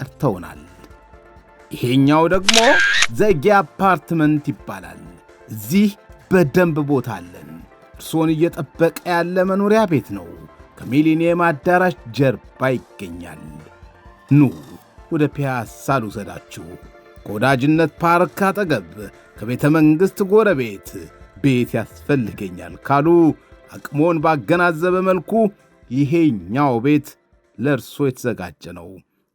ጠርተውናል። ይሄኛው ደግሞ ዘጌ አፓርትመንት ይባላል። እዚህ በደንብ ቦታ አለን። እርሶን እየጠበቀ ያለ መኖሪያ ቤት ነው። ከሚሊኒየም አዳራሽ ጀርባ ይገኛል። ኑ ወደ ፒያሳ ልውሰዳችሁ። ከወዳጅነት ፓርክ አጠገብ ከቤተ መንግሥት ጎረቤት ቤት ያስፈልገኛል ካሉ አቅሞን ባገናዘበ መልኩ ይሄኛው ቤት ለእርሶ የተዘጋጀ ነው።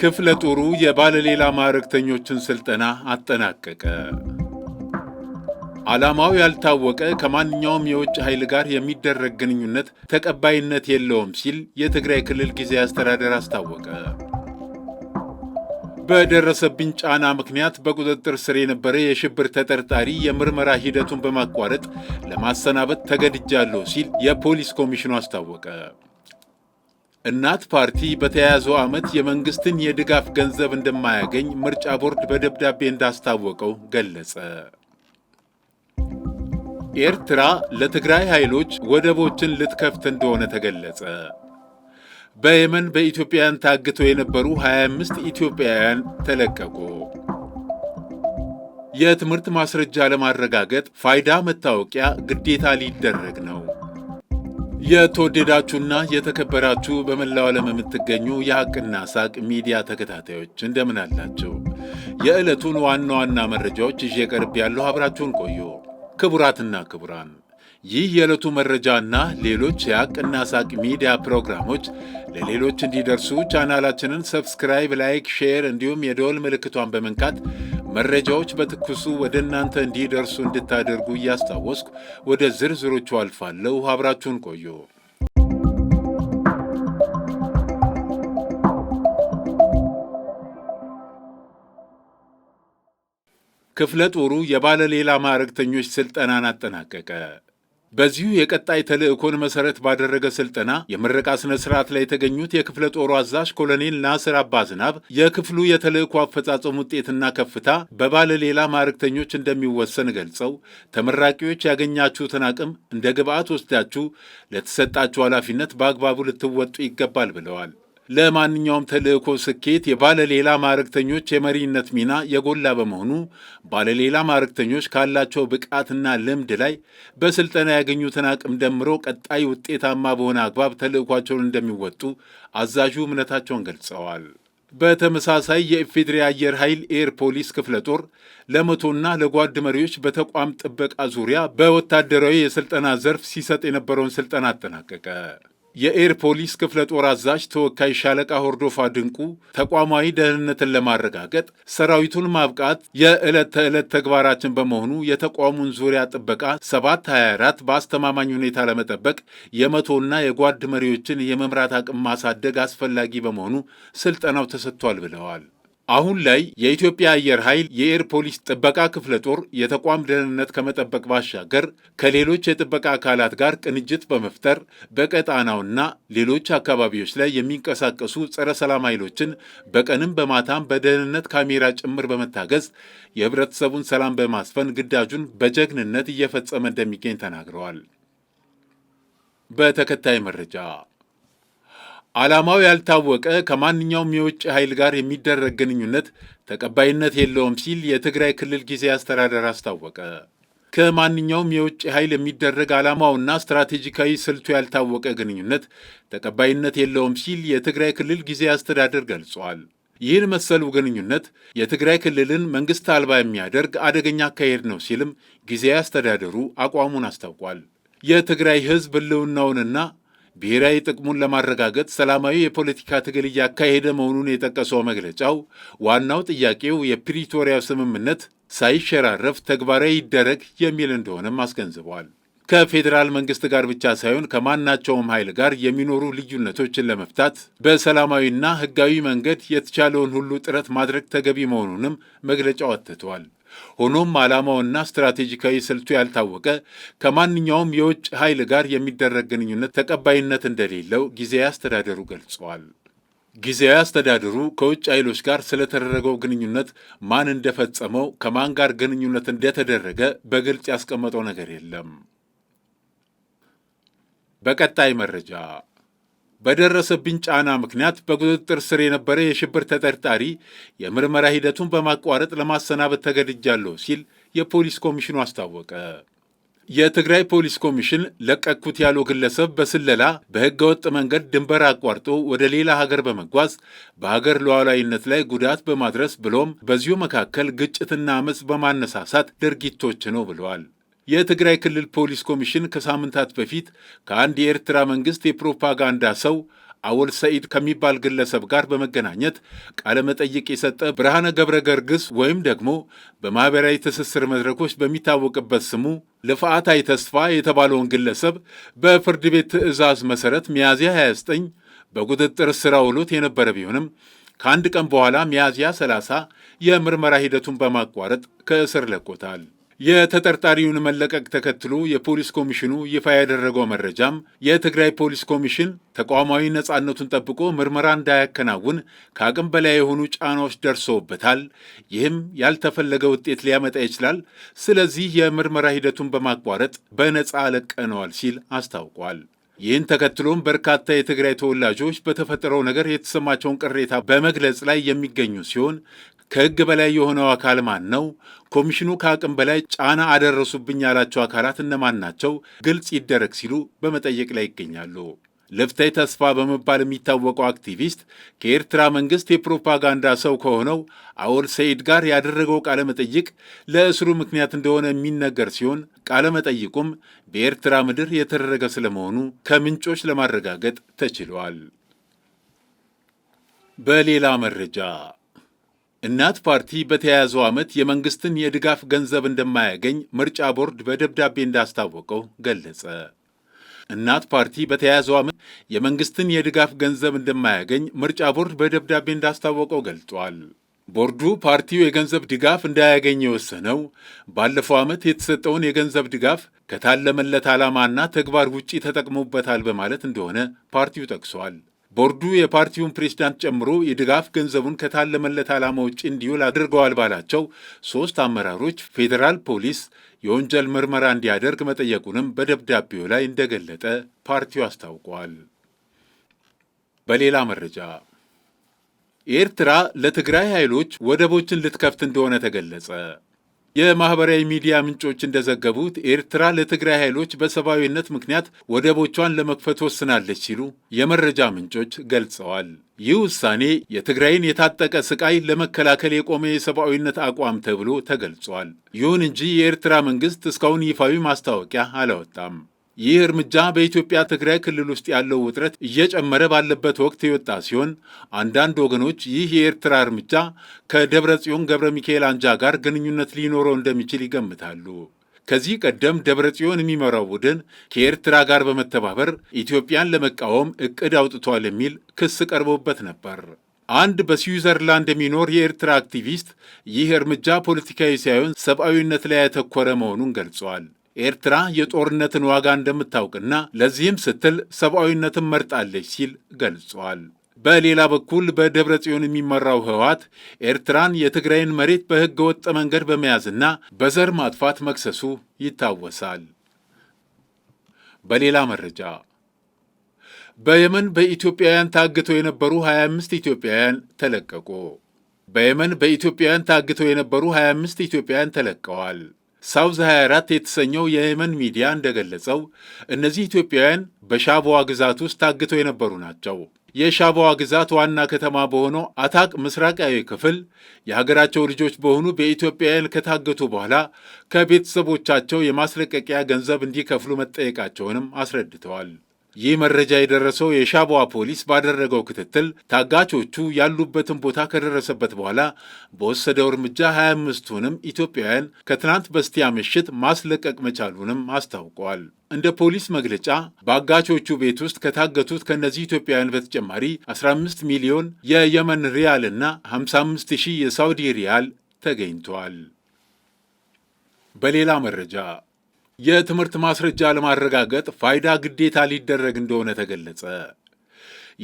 ክፍለ ጦሩ የባለሌላ ማዕረግተኞችን ስልጠና አጠናቀቀ። ዓላማው ያልታወቀ ከማንኛውም የውጭ ኃይል ጋር የሚደረግ ግንኙነት ተቀባይነት የለውም ሲል የትግራይ ክልል ጊዜ አስተዳደር አስታወቀ። በደረሰብኝ ጫና ምክንያት በቁጥጥር ስር የነበረ የሽብር ተጠርጣሪ የምርመራ ሂደቱን በማቋረጥ ለማሰናበት ተገድጃለሁ ሲል የፖሊስ ኮሚሽኑ አስታወቀ። እናት ፓርቲ በተያያዘው ዓመት የመንግስትን የድጋፍ ገንዘብ እንደማያገኝ ምርጫ ቦርድ በደብዳቤ እንዳስታወቀው ገለጸ። ኤርትራ ለትግራይ ኃይሎች ወደቦችን ልትከፍት እንደሆነ ተገለጸ። በየመን በኢትዮጵያውያን ታግተው የነበሩ 25 ኢትዮጵያውያን ተለቀቁ። የትምህርት ማስረጃ ለማረጋገጥ ፋይዳ መታወቂያ ግዴታ ሊደረግ ነው። የተወደዳችሁና የተከበራችሁ በመላው ዓለም የምትገኙ የሐቅና ሳቅ ሚዲያ ተከታታዮች እንደምን አላችሁ? የዕለቱን ዋና ዋና መረጃዎች ይዤ ቀርብ ያለሁ፣ አብራችሁን ቆዩ። ክቡራትና ክቡራን፣ ይህ የዕለቱ መረጃና ሌሎች የአቅና ሳቅ ሚዲያ ፕሮግራሞች ለሌሎች እንዲደርሱ ቻናላችንን ሰብስክራይብ፣ ላይክ፣ ሼር እንዲሁም የደወል ምልክቷን በመንካት መረጃዎች በትኩሱ ወደ እናንተ እንዲደርሱ እንድታደርጉ እያስታወስኩ ወደ ዝርዝሮቹ አልፋለሁ። አብራችሁን ቆዩ። ክፍለ ጦሩ የባለሌላ ማዕረግተኞች ስልጠናን አጠናቀቀ። በዚሁ የቀጣይ ተልእኮን መሰረት ባደረገ ስልጠና የምረቃ ስነ ስርዓት ላይ የተገኙት የክፍለ ጦሩ አዛዥ ኮሎኔል ናስር አባዝናብ የክፍሉ የተልእኮ አፈጻጸም ውጤትና ከፍታ በባለ ሌላ ማዕረግተኞች እንደሚወሰን ገልጸው ተመራቂዎች ያገኛችሁትን አቅም እንደ ግብዓት ወስዳችሁ ለተሰጣችሁ ኃላፊነት በአግባቡ ልትወጡ ይገባል ብለዋል። ለማንኛውም ተልእኮ ስኬት የባለሌላ ማዕረግተኞች የመሪነት ሚና የጎላ በመሆኑ ባለሌላ ማዕረግተኞች ካላቸው ብቃትና ልምድ ላይ በስልጠና ያገኙትን አቅም ደምሮ ቀጣይ ውጤታማ በሆነ አግባብ ተልእኳቸውን እንደሚወጡ አዛዡ እምነታቸውን ገልጸዋል። በተመሳሳይ የኢፌዴሪ አየር ኃይል ኤር ፖሊስ ክፍለ ጦር ለመቶና ለጓድ መሪዎች በተቋም ጥበቃ ዙሪያ በወታደራዊ የስልጠና ዘርፍ ሲሰጥ የነበረውን ስልጠና አጠናቀቀ። የኤር ፖሊስ ክፍለ ጦር አዛዥ ተወካይ ሻለቃ ሆርዶፋ ድንቁ ተቋማዊ ደህንነትን ለማረጋገጥ ሰራዊቱን ማብቃት የዕለት ተዕለት ተግባራችን በመሆኑ የተቋሙን ዙሪያ ጥበቃ 724 በአስተማማኝ ሁኔታ ለመጠበቅ የመቶና የጓድ መሪዎችን የመምራት አቅም ማሳደግ አስፈላጊ በመሆኑ ስልጠናው ተሰጥቷል ብለዋል። አሁን ላይ የኢትዮጵያ አየር ኃይል የኤር ፖሊስ ጥበቃ ክፍለ ጦር የተቋም ደህንነት ከመጠበቅ ባሻገር ከሌሎች የጥበቃ አካላት ጋር ቅንጅት በመፍጠር በቀጣናውና ሌሎች አካባቢዎች ላይ የሚንቀሳቀሱ ጸረ ሰላም ኃይሎችን በቀንም በማታም በደህንነት ካሜራ ጭምር በመታገዝ የህብረተሰቡን ሰላም በማስፈን ግዳጁን በጀግንነት እየፈጸመ እንደሚገኝ ተናግረዋል። በተከታይ መረጃ ዓላማው ያልታወቀ ከማንኛውም የውጭ ኃይል ጋር የሚደረግ ግንኙነት ተቀባይነት የለውም ሲል የትግራይ ክልል ጊዜ አስተዳደር አስታወቀ። ከማንኛውም የውጭ ኃይል የሚደረግ ዓላማውና ስትራቴጂካዊ ስልቱ ያልታወቀ ግንኙነት ተቀባይነት የለውም ሲል የትግራይ ክልል ጊዜ አስተዳደር ገልጿል። ይህን መሰሉ ግንኙነት የትግራይ ክልልን መንግስት አልባ የሚያደርግ አደገኛ አካሄድ ነው ሲልም ጊዜ አስተዳደሩ አቋሙን አስታውቋል። የትግራይ ሕዝብ ህልውናውንና ብሔራዊ ጥቅሙን ለማረጋገጥ ሰላማዊ የፖለቲካ ትግል እያካሄደ መሆኑን የጠቀሰው መግለጫው ዋናው ጥያቄው የፕሪቶሪያ ስምምነት ሳይሸራረፍ ተግባራዊ ይደረግ የሚል እንደሆነም አስገንዝበዋል። ከፌዴራል መንግስት ጋር ብቻ ሳይሆን ከማናቸውም ኃይል ጋር የሚኖሩ ልዩነቶችን ለመፍታት በሰላማዊና ሕጋዊ መንገድ የተቻለውን ሁሉ ጥረት ማድረግ ተገቢ መሆኑንም መግለጫው አትተዋል። ሆኖም ዓላማውና ስትራቴጂካዊ ስልቱ ያልታወቀ ከማንኛውም የውጭ ኃይል ጋር የሚደረግ ግንኙነት ተቀባይነት እንደሌለው ጊዜያዊ አስተዳደሩ ገልጸዋል። ጊዜያዊ አስተዳደሩ ከውጭ ኃይሎች ጋር ስለተደረገው ግንኙነት ማን እንደፈጸመው፣ ከማን ጋር ግንኙነት እንደተደረገ በግልጽ ያስቀመጠው ነገር የለም። በቀጣይ መረጃ በደረሰብኝ ጫና ምክንያት በቁጥጥር ስር የነበረ የሽብር ተጠርጣሪ የምርመራ ሂደቱን በማቋረጥ ለማሰናበት ተገድጃለሁ ሲል የፖሊስ ኮሚሽኑ አስታወቀ። የትግራይ ፖሊስ ኮሚሽን ለቀኩት ያለው ግለሰብ በስለላ በህገወጥ መንገድ ድንበር አቋርጦ ወደ ሌላ ሀገር በመጓዝ በሀገር ሉዓላዊነት ላይ ጉዳት በማድረስ ብሎም በዚሁ መካከል ግጭትና አመፅ በማነሳሳት ድርጊቶች ነው ብለዋል። የትግራይ ክልል ፖሊስ ኮሚሽን ከሳምንታት በፊት ከአንድ የኤርትራ መንግሥት የፕሮፓጋንዳ ሰው አወል ሰኢድ ከሚባል ግለሰብ ጋር በመገናኘት ቃለ መጠይቅ የሰጠ ብርሃነ ገብረ ገርግስ ወይም ደግሞ በማኅበራዊ ትስስር መድረኮች በሚታወቅበት ስሙ ልፍዓታይ ተስፋ የተባለውን ግለሰብ በፍርድ ቤት ትዕዛዝ መሠረት ሚያዝያ 29 በቁጥጥር ስር ውሎት የነበረ ቢሆንም ከአንድ ቀን በኋላ ሚያዝያ 30 የምርመራ ሂደቱን በማቋረጥ ከእስር ለቆታል። የተጠርጣሪውን መለቀቅ ተከትሎ የፖሊስ ኮሚሽኑ ይፋ ያደረገው መረጃም የትግራይ ፖሊስ ኮሚሽን ተቋማዊ ነፃነቱን ጠብቆ ምርመራ እንዳያከናውን ከአቅም በላይ የሆኑ ጫናዎች ደርሶበታል። ይህም ያልተፈለገ ውጤት ሊያመጣ ይችላል። ስለዚህ የምርመራ ሂደቱን በማቋረጥ በነፃ ለቀነዋል ሲል አስታውቋል። ይህን ተከትሎም በርካታ የትግራይ ተወላጆች በተፈጠረው ነገር የተሰማቸውን ቅሬታ በመግለጽ ላይ የሚገኙ ሲሆን ከህግ በላይ የሆነው አካል ማን ነው? ኮሚሽኑ ከአቅም በላይ ጫና አደረሱብኝ ያላቸው አካላት እነማን ናቸው? ግልጽ ይደረግ ሲሉ በመጠየቅ ላይ ይገኛሉ። ልፍታይ ተስፋ በመባል የሚታወቀው አክቲቪስት ከኤርትራ መንግሥት የፕሮፓጋንዳ ሰው ከሆነው አወል ሰኢድ ጋር ያደረገው ቃለመጠይቅ ለእስሩ ምክንያት እንደሆነ የሚነገር ሲሆን ቃለመጠይቁም በኤርትራ ምድር የተደረገ ስለመሆኑ ከምንጮች ለማረጋገጥ ተችሏል። በሌላ መረጃ እናት ፓርቲ በተያያዘው ዓመት የመንግስትን የድጋፍ ገንዘብ እንደማያገኝ ምርጫ ቦርድ በደብዳቤ እንዳስታወቀው ገለጸ። እናት ፓርቲ በተያያዘው ዓመት የመንግስትን የድጋፍ ገንዘብ እንደማያገኝ ምርጫ ቦርድ በደብዳቤ እንዳስታወቀው ገልጿል። ቦርዱ ፓርቲው የገንዘብ ድጋፍ እንዳያገኝ የወሰነው ባለፈው ዓመት የተሰጠውን የገንዘብ ድጋፍ ከታለመለት ዓላማና ተግባር ውጪ ተጠቅሞበታል በማለት እንደሆነ ፓርቲው ጠቅሷል። ቦርዱ የፓርቲውን ፕሬዝዳንት ጨምሮ የድጋፍ ገንዘቡን ከታለመለት ዓላማ ውጭ እንዲውል አድርገዋል ባላቸው ሶስት አመራሮች ፌዴራል ፖሊስ የወንጀል ምርመራ እንዲያደርግ መጠየቁንም በደብዳቤው ላይ እንደገለጠ ፓርቲው አስታውቋል። በሌላ መረጃ ኤርትራ ለትግራይ ኃይሎች ወደቦችን ልትከፍት እንደሆነ ተገለጸ። የማህበራዊ ሚዲያ ምንጮች እንደዘገቡት ኤርትራ ለትግራይ ኃይሎች በሰብአዊነት ምክንያት ወደቦቿን ለመክፈት ወስናለች ሲሉ የመረጃ ምንጮች ገልጸዋል። ይህ ውሳኔ የትግራይን የታጠቀ ስቃይ ለመከላከል የቆመ የሰብአዊነት አቋም ተብሎ ተገልጿል። ይሁን እንጂ የኤርትራ መንግስት እስካሁን ይፋዊ ማስታወቂያ አላወጣም። ይህ እርምጃ በኢትዮጵያ ትግራይ ክልል ውስጥ ያለው ውጥረት እየጨመረ ባለበት ወቅት የወጣ ሲሆን አንዳንድ ወገኖች ይህ የኤርትራ እርምጃ ከደብረ ጽዮን ገብረ ሚካኤል አንጃ ጋር ግንኙነት ሊኖረው እንደሚችል ይገምታሉ። ከዚህ ቀደም ደብረ ጽዮን የሚመራው ቡድን ከኤርትራ ጋር በመተባበር ኢትዮጵያን ለመቃወም እቅድ አውጥቷል የሚል ክስ ቀርቦበት ነበር። አንድ በስዊዘርላንድ የሚኖር የኤርትራ አክቲቪስት ይህ እርምጃ ፖለቲካዊ ሳይሆን ሰብአዊነት ላይ ያተኮረ መሆኑን ገልጿል። ኤርትራ የጦርነትን ዋጋ እንደምታውቅና ለዚህም ስትል ሰብአዊነትን መርጣለች ሲል ገልጿል። በሌላ በኩል በደብረ ጽዮን የሚመራው ህወሓት ኤርትራን የትግራይን መሬት በሕገ ወጥ መንገድ በመያዝና በዘር ማጥፋት መክሰሱ ይታወሳል። በሌላ መረጃ በየመን በኢትዮጵያውያን ታግተው የነበሩ 25 ኢትዮጵያውያን ተለቀቁ። በየመን በኢትዮጵያውያን ታግተው የነበሩ 25 ኢትዮጵያውያን ተለቀዋል። ሳውዝ 24 የተሰኘው የየመን ሚዲያ እንደገለጸው እነዚህ ኢትዮጵያውያን በሻቦዋ ግዛት ውስጥ ታግተው የነበሩ ናቸው። የሻቦዋ ግዛት ዋና ከተማ በሆነው አታቅ ምስራቃዊ ክፍል የሀገራቸው ልጆች በሆኑ በኢትዮጵያውያን ከታገቱ በኋላ ከቤተሰቦቻቸው የማስለቀቂያ ገንዘብ እንዲከፍሉ መጠየቃቸውንም አስረድተዋል። ይህ መረጃ የደረሰው የሻቧ ፖሊስ ባደረገው ክትትል ታጋቾቹ ያሉበትን ቦታ ከደረሰበት በኋላ በወሰደው እርምጃ 25ቱንም ኢትዮጵያውያን ከትናንት በስቲያ ምሽት ማስለቀቅ መቻሉንም አስታውቋል። እንደ ፖሊስ መግለጫ በአጋቾቹ ቤት ውስጥ ከታገቱት ከእነዚህ ኢትዮጵያውያን በተጨማሪ 15 ሚሊዮን የየመን ሪያል እና 55 ሺህ የሳውዲ ሪያል ተገኝተዋል። በሌላ መረጃ የትምህርት ማስረጃ ለማረጋገጥ ፋይዳ ግዴታ ሊደረግ እንደሆነ ተገለጸ።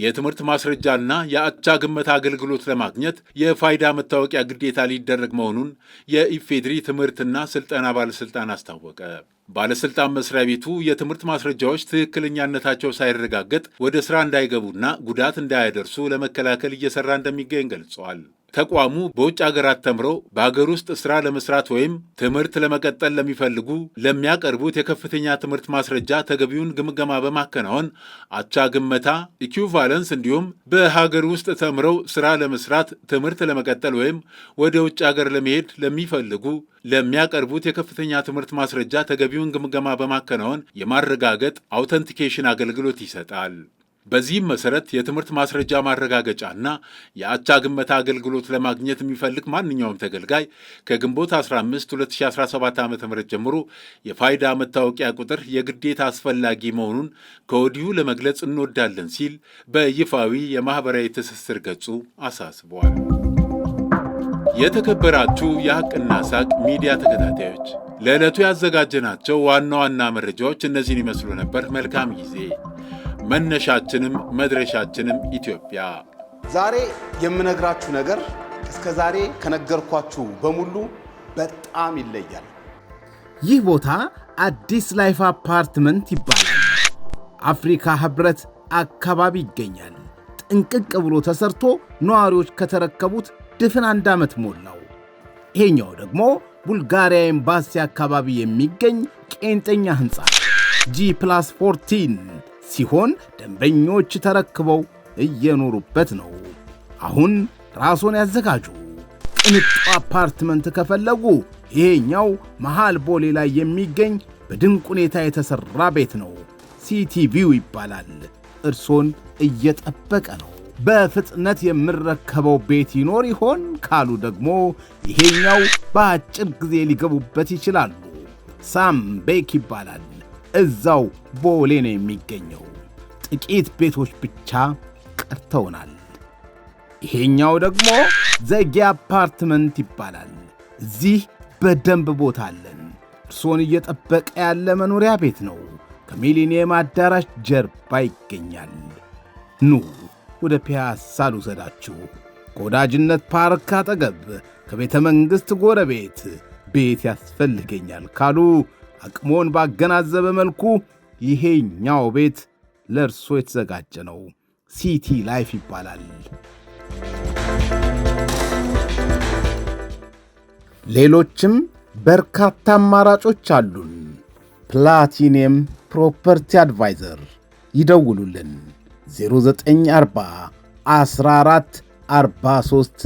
የትምህርት ማስረጃና የአቻ ግመት አገልግሎት ለማግኘት የፋይዳ መታወቂያ ግዴታ ሊደረግ መሆኑን የኢፌድሪ ትምህርትና ስልጠና ባለስልጣን አስታወቀ። ባለስልጣን መስሪያ ቤቱ የትምህርት ማስረጃዎች ትክክለኛነታቸው ሳይረጋገጥ ወደ ስራ እንዳይገቡና ጉዳት እንዳያደርሱ ለመከላከል እየሰራ እንደሚገኝ ገልጸዋል። ተቋሙ በውጭ አገራት ተምረው በአገር ውስጥ ስራ ለመስራት ወይም ትምህርት ለመቀጠል ለሚፈልጉ ለሚያቀርቡት የከፍተኛ ትምህርት ማስረጃ ተገቢውን ግምገማ በማከናወን አቻ ግመታ፣ ኢኪቫለንስ እንዲሁም በሀገር ውስጥ ተምረው ስራ ለመስራት ትምህርት ለመቀጠል ወይም ወደ ውጭ አገር ለመሄድ ለሚፈልጉ ለሚያቀርቡት የከፍተኛ ትምህርት ማስረጃ ተገቢውን ግምገማ በማከናወን የማረጋገጥ አውተንቲኬሽን አገልግሎት ይሰጣል። በዚህም መሰረት የትምህርት ማስረጃ ማረጋገጫ እና የአቻ ግመታ አገልግሎት ለማግኘት የሚፈልግ ማንኛውም ተገልጋይ ከግንቦት 15 2017 ዓ ም ጀምሮ የፋይዳ መታወቂያ ቁጥር የግዴታ አስፈላጊ መሆኑን ከወዲሁ ለመግለጽ እንወዳለን ሲል በይፋዊ የማኅበራዊ ትስስር ገጹ አሳስበዋል። የተከበራችሁ የሐቅና ሳቅ ሚዲያ ተከታታዮች ለዕለቱ ያዘጋጀናቸው ዋና ዋና መረጃዎች እነዚህን ይመስሉ ነበር። መልካም ጊዜ መነሻችንም መድረሻችንም ኢትዮጵያ። ዛሬ የምነግራችሁ ነገር እስከ ዛሬ ከነገርኳችሁ በሙሉ በጣም ይለያል። ይህ ቦታ አዲስ ላይፍ አፓርትመንት ይባላል። አፍሪካ ህብረት አካባቢ ይገኛል። ጥንቅቅ ብሎ ተሰርቶ ነዋሪዎች ከተረከቡት ድፍን አንድ ዓመት ሞላው። ይሄኛው ደግሞ ቡልጋሪያ ኤምባሲ አካባቢ የሚገኝ ቄንጠኛ ሕንፃ ጂ ፕላስ 14 ሲሆን ደንበኞች ተረክበው እየኖሩበት ነው። አሁን ራስዎን ያዘጋጁ። ቅንጡ አፓርትመንት ከፈለጉ ይሄኛው መሃል ቦሌ ላይ የሚገኝ በድንቅ ሁኔታ የተሠራ ቤት ነው። ሲቲቪው ይባላል። እርሶን እየጠበቀ ነው። በፍጥነት የምረከበው ቤት ይኖር ይሆን ካሉ ደግሞ ይሄኛው በአጭር ጊዜ ሊገቡበት ይችላሉ። ሳም ቤክ ይባላል። እዛው ቦሌ ነው የሚገኘው። ጥቂት ቤቶች ብቻ ቀርተውናል። ይሄኛው ደግሞ ዘጌ አፓርትመንት ይባላል። እዚህ በደንብ ቦታ አለን። እርሶን እየጠበቀ ያለ መኖሪያ ቤት ነው። ከሚሊኒየም አዳራሽ ጀርባ ይገኛል። ኑ ወደ ፒያሳ ልውሰዳችሁ። ከወዳጅነት ፓርክ አጠገብ ከቤተ መንግሥት ጎረቤት ቤት ያስፈልገኛል ካሉ አቅሞን ባገናዘበ መልኩ ይሄኛው ቤት ለእርሶ የተዘጋጀ ነው። ሲቲ ላይፍ ይባላል። ሌሎችም በርካታ አማራጮች አሉን። ፕላቲኒየም ፕሮፐርቲ አድቫይዘር ይደውሉልን 0940 14 43